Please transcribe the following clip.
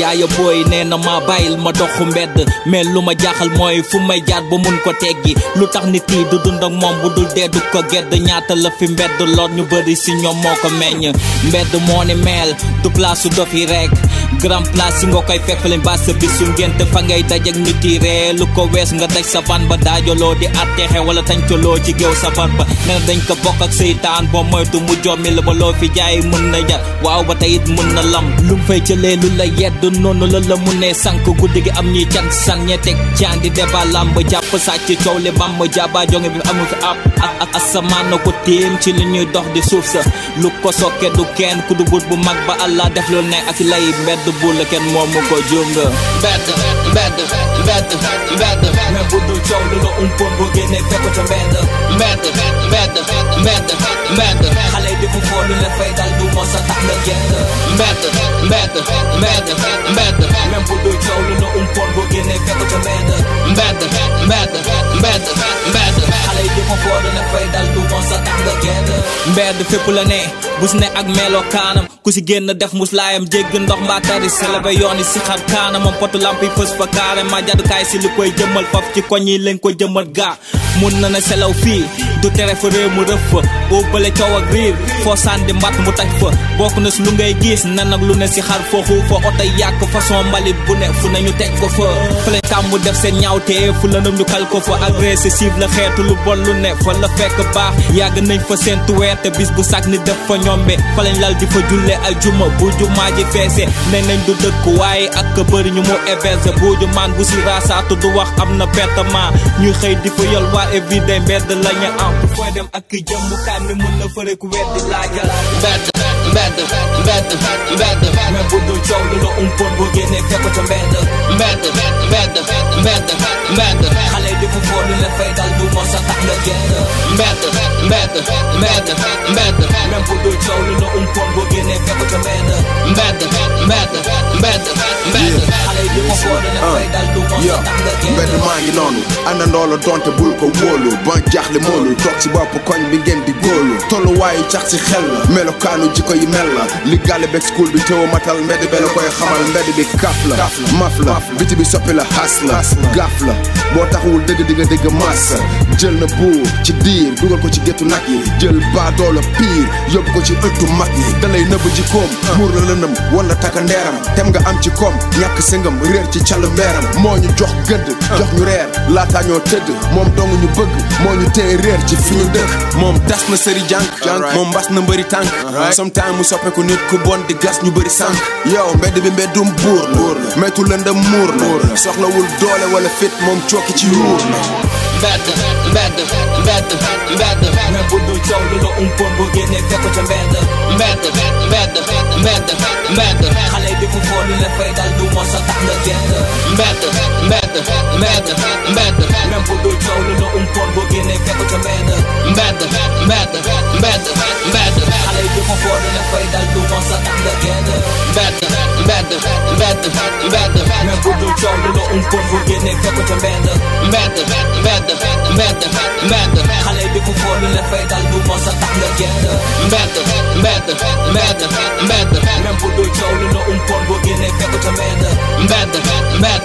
yaaya ya, boy nee na ma bàyyil ma doxu mbedd mais lu ma jaaxal mooy fu may jaar mun ko teggi lu tax nit yi du dund ak moom bu dul dee du ko gedd ñaata la fi mbedd lool ñu bëri si ñoom mbedd ni du place rek Gram place phép lên bát len basse bisum gen te fa ngay dajak nit yi re lu ko wess nga daj sa fan lô daajolo di atte xe wala tañ ci lo ci gew safar ba na dañ ko bok ak seytan bo moytu mu jommi la ba lo fi jaay mën na jar waaw ba tayit mën na lam lu fay ci le lu la yedd nonu la la mu ne sank guddi gi am ñi cyan san ñe tek cyan di deba lamb japp sacc ciow li bam jaba jonge bi amu fi ab ak asamaan ko teem ci li ñuy dox di suuf sa lu ko sokke du kenn ku du bu mag ba allah đẹp lu ne ak lay mbed bedda bulla kenn moom mu ko jum nga bedd bedd bedd bedd même bu dul coow lu la umpoon boo génnee fekk ca mbedd mbedd mbedd di ku foo le leen fay dal du moo sa tax nga jënd mbedd mbedd mbedd mbedd même bu dul coow lu mbedd fépp la ne bus ne ak melokaanam ku si génn def muslaayam jégg ndox mbaa tari selebe yoon yi si xar kaanam moom potu lamp yi fës fa kaare ma si li koy jëmmal faf ci koñ yi lañ ko jëmmal gaa mun na na selaw fi du téré fa réew mu rëf bo balé taw ak riir fo sànni mbatt mu taj fa bokk na si lu ngay gis na nag lu ne ci xar fooxu fa oto yàq façon mbalit bu ne fu nañu tek ko fa fële tàmm def sen ñaawtee fu la ñu kal ko fa agressif la xeetu lu bon lu ne fa la fekk baax yag nañ fa sen tuwete bis bu sak ni def fa ñombe fa lañ lal di fa julle al juma bu juma ji feese nañ nañ du dekk waaye ak bari ñu mo éverse bu jumaan bu si raasaatu du wax amna na pertement ñuy di fa yol wa évident mbedd lañu am fooy dem ak jëm mu kànn mën na fëre ku weddi laajal mbedd mbedd mbedd mbedd mais bu dul coow lu la umpoon boo génnee fekk ca mbedd mbedd mbedd mbedd mbedd xale di fu foolu la fay dal du moo sa tax nga génn mbedd mbedd mbedd mbedd même bu dul coow lu la umpoon boo génnee fekk ca mbedd yeah benn maa ngi noonu ana ndoolo donte bul ko wóolu ba jaaxle moolu toog ci bopp koñ bi ngeen di góolu waaye cax ci xel la melokaanu jikko yi mel la li gàlle beg school bi teew matal mbedd bela koy xamal mbedd bi kaf la maf la biti bi soppi la xas la gaaf la boo taxawul dëgg di nga dégg massa jël na buur ci diir dugal ko ci géttu nag yi jël baadoola piir yóbbu ko ci ëttu mag yi dalay nëbb ji koom muur ah. la lëndëm wan la takka ndeeram tem nga am ci koom ñàkk sëngam réer ci call mbeeram moo ñu jox gëdd ah. jox ñu reer laataa ñoo tëdd moom dong ñu bëgg moo ñu téye moom tas na sëri jànk jàng mom mbas na mbeuri tànk sometimes mu soppé ko nit ku bon di gas ñu bëri sànk yow mbedd bi mbeddum bour metu mettu lëndëm mour soxla wul doole wala fit mom cooki ci yuur la mbedd mbedd mbedd mbedd même bu dul coow lu la umpoon boo génnee fekk ca mbedd mbedd mbedd mbedd mbedd xale bi mu foo lu la fay dal du moo sa tax nga jënd mbedd mbedd mbedd mbedd même bu dul coow lu la umpoon boo génnee fekk ca mbedd bad, bad, bad. Men borde jaga och omkring nej fuck what I'm bad. Bad, bad, bad, bad, bad. Alla är på för lilla fet album massa tacklar gäller. Bad, bad, bad, bad, bad. Men borde jaga och omkring nej fuck what I'm bad. Bad, bad, bad.